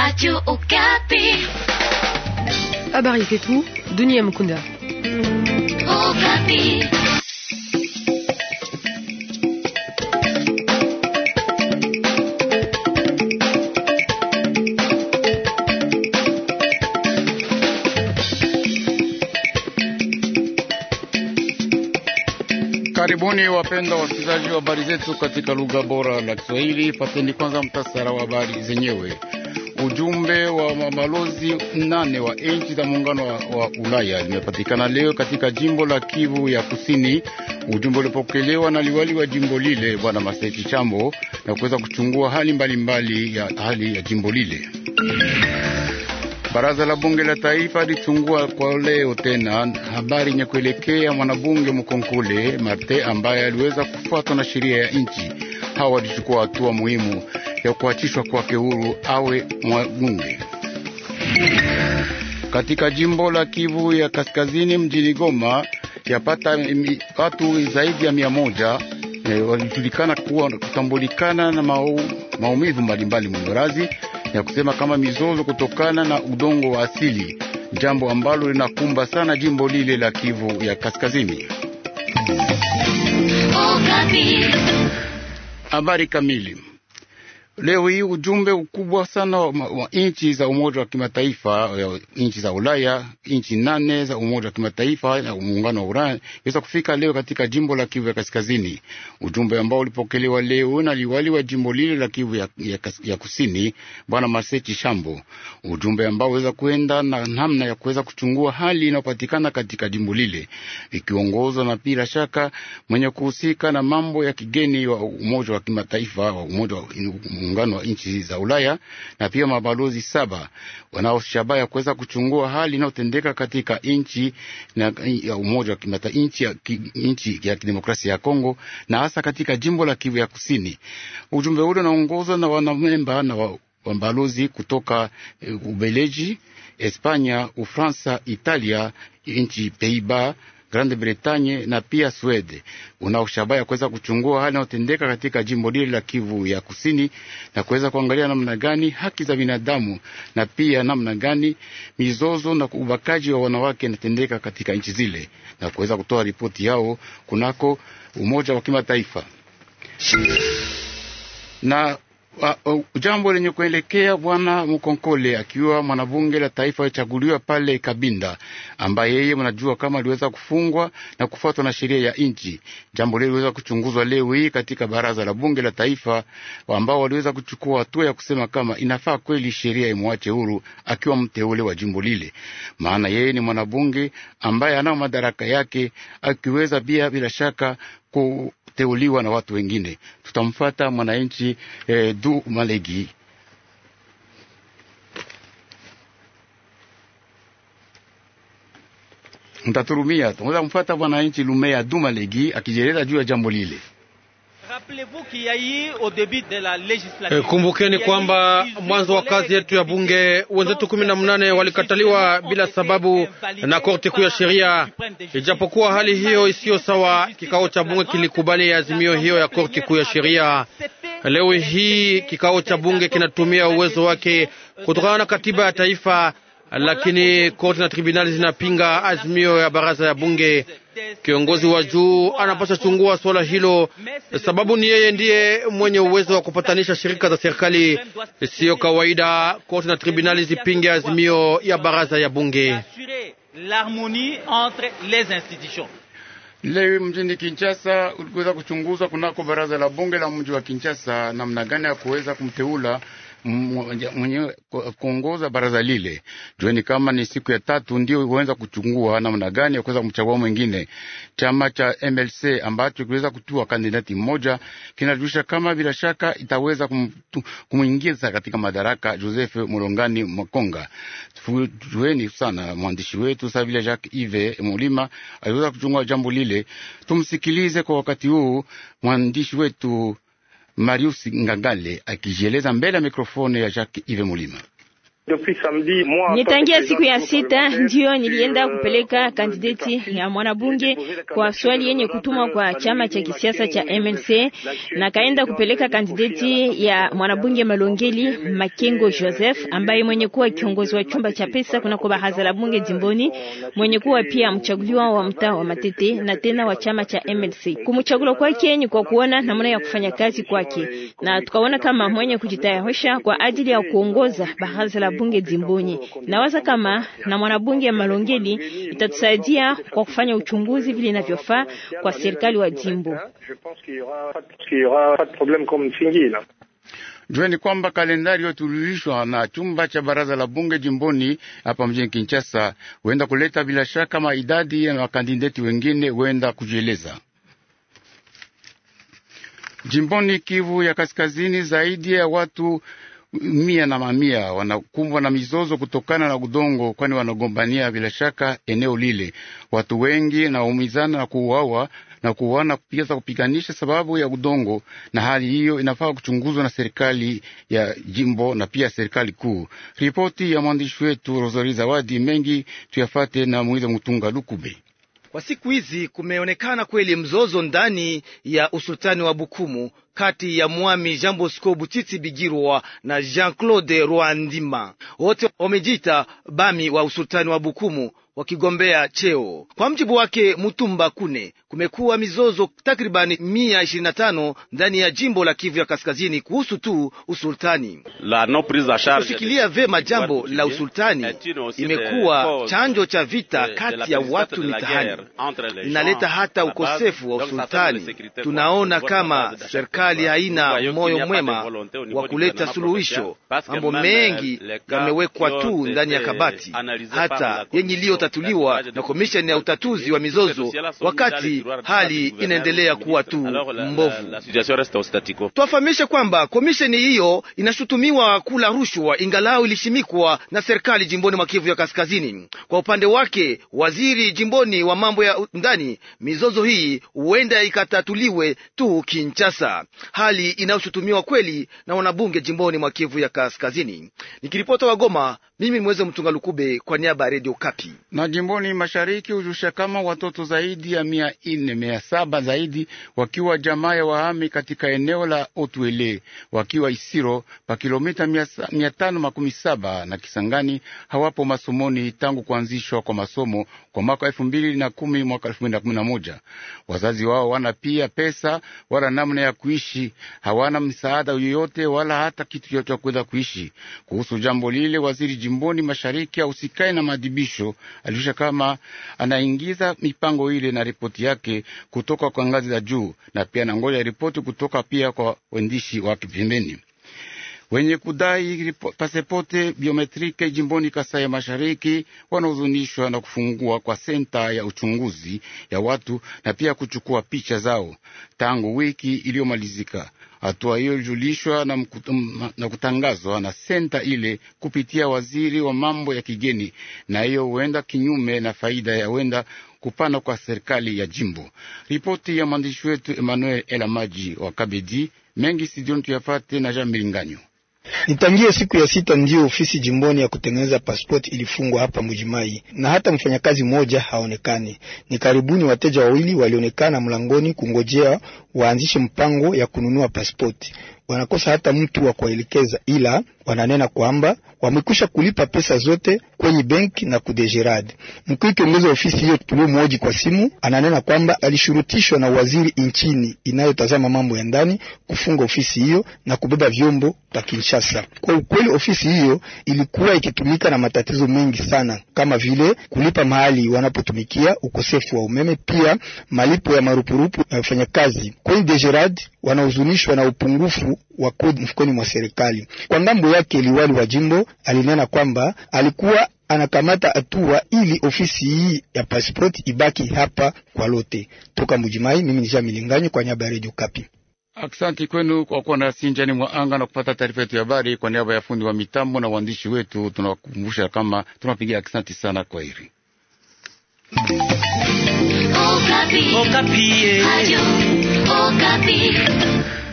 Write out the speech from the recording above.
Radio Okapi. Habari ah zetu dunia Mukunda. Okapi. Karibuni wapenda wasikilizaji wa habari zetu katika lugha bora la Kiswahili. Pateni kwanza mtasara wa habari zenyewe. Ujumbe wa mabalozi nane wa nchi za muungano wa Ulaya limepatikana leo katika jimbo la Kivu ya Kusini. Ujumbe ulipokelewa na liwali wa jimbo lile Bwana Maseti Chambo na kuweza kuchungua hali mbalimbali mbali ya hali ya jimbo lile. Baraza la bunge la taifa lichungua kwa leo tena habari yenye kuelekea mwanabunge Mkonkole Marte ambaye aliweza kufuatwa na sheria ya nchi. Hawa walichukua hatua muhimu ya kuachishwa kwake huru awe mwagunge. Katika jimbo la Kivu ya Kaskazini, mjini Goma, yapata watu zaidi ya mia moja e, walijulikana kuwa kutambulikana na mau, maumivu mbalimbali mwamborazi ya kusema kama mizozo kutokana na udongo wa asili, jambo ambalo linakumba sana jimbo lile la Kivu ya Kaskazini. Oh, Habari kamili Leo hii ujumbe ukubwa sana wa nchi za umoja wa kimataifa, nchi za Ulaya, nchi nane za umoja wa kimataifa na muungano wa Ulaya iweza kufika leo katika jimbo la Kivu ya Kaskazini, ujumbe ambao ulipokelewa leo na liwali wa jimbo lile la Kivu ya, ya, ya Kusini, Bwana Masechi Shambo, ujumbe ambao uweza kuenda na namna ya kuweza kuchungua hali inayopatikana katika jimbo lile, ikiongozwa na bila shaka mwenye kuhusika na mambo ya kigeni wa umoja wa kimataifa wa umoja wa muungano wa nchi za Ulaya na pia mabalozi saba wanao shabaha ya kuweza kuchungua hali inayotendeka katika nchi ya Umoja wa Mataifa, nchi ya kidemokrasia ya Kongo na hasa katika jimbo la Kivu ya Kusini. Ujumbe ule unaongozwa na wanamemba na wa wambalozi kutoka eh, Ubeleji, Espanya, Ufransa, Italia, nchi Peiba Grande Bretagne na pia Swede. ya kuweza kuchungua hali inayotendeka katika jimbo lile la Kivu ya Kusini na kuweza kuangalia namna gani haki za binadamu na pia namna gani mizozo na ubakaji wa wanawake inatendeka katika nchi zile na kuweza kutoa ripoti yao kunako Umoja wa Kimataifa na jambo lenye kuelekea bwana Mukonkole akiwa mwanabunge la taifa alichaguliwa pale Kabinda, ambaye yeye mnajua kama aliweza kufungwa na kufuatwa na sheria ya nchi. Jambo lile liweza kuchunguzwa leo hii katika baraza la bunge la taifa, ambao waliweza kuchukua hatua ya kusema kama inafaa kweli sheria imwache huru akiwa mteule wa jimbo lile, maana yeye ni mwanabunge ambaye anao madaraka yake, akiweza pia bila shaka ku kuteuliwa na watu wengine. Tutamfuata mwananchi eh, du Malegi. Mtaturumia tunaweza kumfuata mwananchi Lumea du Malegi akijieleza juu ya jambo lile. Eh, kumbukeni kwamba mwanzo wa kazi yetu ya bunge wenzetu kumi na mnane walikataliwa bila sababu na korti kuu ya sheria. Ijapokuwa hali hiyo isiyo sawa, kikao cha bunge kilikubali azimio hiyo ya korti kuu ya sheria. Leo hii kikao cha bunge kinatumia uwezo wake kutokana na katiba ya taifa lakini koti na tribunali zinapinga azimio ya baraza ya bunge. Kiongozi wa juu anapaswa chungua swala hilo, sababu ni yeye ndiye mwenye uwezo wa kupatanisha shirika za serikali. Siyo kawaida koti na tribunali zipinge azimio ya baraza ya bunge. Leo mjini Kinshasa ulikuweza kuchunguzwa kunako baraza la bunge la mji wa Kinshasa namna gani ya kuweza kumteula mwenyewe kuongoza baraza lile. Jueni kama ni siku ya tatu ndio huweza kuchungua namna gani ya kuweza kumchagua mwingine. Chama cha MLC ambacho kiliweza kutua kandidati mmoja kinajulisha kama bila shaka itaweza kumwingiza katika madaraka Joseph Mulongani Mwakonga. Jueni sana mwandishi wetu sa Jacques Ive Mulima aliweza kuchungua jambo lile. Tumsikilize kwa wakati huu mwandishi wetu Marius Ngangale akijieleza mbele ya mikrofoni ya Jacques Ive Mulima. Nitangia siku ya sita e ndio nilienda euh, kupeleka kandideti ya mwanabunge kwa swali yenye kutumwa kwa chama cha kisiasa cha e MNC, na kaenda kupeleka kandideti ya mwanabunge Malongeli Makengo euh, Joseph, ambaye mwenye kuwa kiongozi wa chumba cha pesa kuna kwa baraza la bunge jimboni, euh, mwenye kuwa pia mchaguliwa wa mtaa wa Matete na tena wa chama cha MNC. Kumchagula kwake ni kwa kuona namna ya kufanya kazi kwake, na tukaona kama mwenye kujitayarisha kwa ajili ya kuongoza baraza la wanabunge jimboni. Nawaza kama na mwanabunge ya Malongeni itatusaidia kwa kufanya uchunguzi vile inavyofaa kwa serikali wa jimbo. Jueni kwamba kalendari iliyotululishwa na chumba cha baraza la bunge jimboni hapa mjini Kinshasa huenda kuleta bila shaka maidadi ya wakandideti wengine huenda kujieleza jimboni Kivu ya Kaskazini. Zaidi ya watu mia na mamia wanakumbwa na mizozo kutokana na udongo, kwani wanagombania bila shaka eneo lile. Watu wengi naumizana na kuuawa na kuuana kupigaza kupiganisha sababu ya udongo, na hali hiyo inafaa kuchunguzwa na serikali ya jimbo na pia serikali kuu. Ripoti ya mwandishi wetu Rozori Zawadi, mengi tuyafate na Muiza Mutunga Lukube. Kwa siku hizi kumeonekana kweli mzozo ndani ya usultani wa Bukumu kati ya mwami Jean Bosco Butitsi Bigirwa na Jean Claude Rwandima, wote wamejiita bami wa usultani wa Bukumu wakigombea cheo. Kwa mjibu wake Mutumba Kune, kumekuwa mizozo takribani mia ishirini na tano ndani ya jimbo la Kivu ya Kaskazini kuhusu tu usultani. Kushikilia vema jambo la usultani imekuwa chanjo cha vita kati ya watu mitahani inaleta hata ukosefu wa usultani. Tunaona kama serikali haina moyo mwema wa kuleta suluhisho. Mambo mengi yamewekwa tu ndani ya kabati, hata yenye iliyo kutatuliwa na komisheni ya utatuzi wa mizozo, wakati hali inaendelea kuwa tu mbovu. Twafahamishe kwamba komisheni hiyo inashutumiwa kula rushwa, ingalau ilishimikwa na serikali jimboni mwa Kivu ya Kaskazini. Kwa upande wake, waziri jimboni wa mambo ya ndani, mizozo hii huenda ikatatuliwe tu Kinchasa, hali inayoshutumiwa kweli na wanabunge jimboni mwa Kivu ya Kaskazini. Nikiripota wa Goma, mimi Mweze Mtunga Lukube kwa niaba ya Redio Kapi na jimboni mashariki hujusha kama watoto zaidi ya mia ine mia saba zaidi wakiwa jamaa ya wahami katika eneo la Otwele wakiwa Isiro pa kilomita mia tano makumi saba na Kisangani hawapo masomoni tangu kuanzishwa kwa masomo kwa mwaka elfu mbili na kumi mwaka elfu mbili na kumi na moja. Wazazi wao wana pia pesa wala namna ya kuishi, hawana msaada yoyote wala hata kitu cha kuweza kuishi. Kuhusu jambo lile, waziri jimboni mashariki ausikai na maadhibisho alisha kama anaingiza mipango ile na ripoti yake kutoka kwa ngazi za juu, na pia anangoja ripoti kutoka pia kwa wendishi wa kipembeni wenye kudai pasepote biometrike jimboni Kasai ya Mashariki wanahuzunishwa na kufungua kwa senta ya uchunguzi ya watu na pia kuchukua picha zao tangu wiki iliyomalizika. Hatua hiyo ilijulishwa na, na kutangazwa na senta ile kupitia waziri wa mambo ya kigeni, na hiyo huenda kinyume na faida ya huenda kupana kwa serikali ya jimbo. Ripoti ya mwandishi wetu Emmanuel Elamaji wa Kabedi mengi sidioni tuyafate na Jean Milinganyo. Ni tangia siku ya sita ndiyo ofisi jimboni ya kutengeneza pasipoti ilifungwa hapa Mujimai, na hata mfanyakazi mmoja haonekani. Ni karibuni wateja wawili walionekana mlangoni kungojea waanzishe mpango ya kununua pasipoti wanakosa hata mtu wa kuwaelekeza, ila wananena kwamba wamekwisha kulipa pesa zote kwenye benki na kudejerad. Mkuu kiongozi wa ofisi hiyo Tulu kwa simu ananena kwamba alishurutishwa na waziri nchini inayotazama mambo ya ndani kufunga ofisi hiyo na kubeba vyombo vya Kinshasa. Kwa ukweli, ofisi hiyo ilikuwa ikitumika na matatizo mengi sana, kama vile kulipa mahali wanapotumikia, ukosefu wa umeme, pia malipo ya marupurupu na wafanyakazi. Kwenye dejerad wanahuzunishwa na upungufu wa kodi mfukoni mwa serikali. Kwa ngambo yake, liwali wa jimbo alinena kwamba alikuwa anakamata hatua ili ofisi hii ya passport ibaki hapa kwa lote. Toka Mujimai, mimi nisha milinganyo kwa niaba ya Radio Kapi. Aksanti kwenu kwa kuwa na njiani mwa anga na kupata taarifa yetu ya habari. Kwa niaba ya fundi wa mitambo na waandishi wetu, tunawakumbusha kama tunapigia aksanti sana. Kwa heri Okapi. Oh, Okapi. Oh, eh.